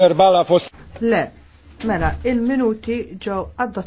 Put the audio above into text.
verbala fost. Le, mela, il-minuti ġew adott.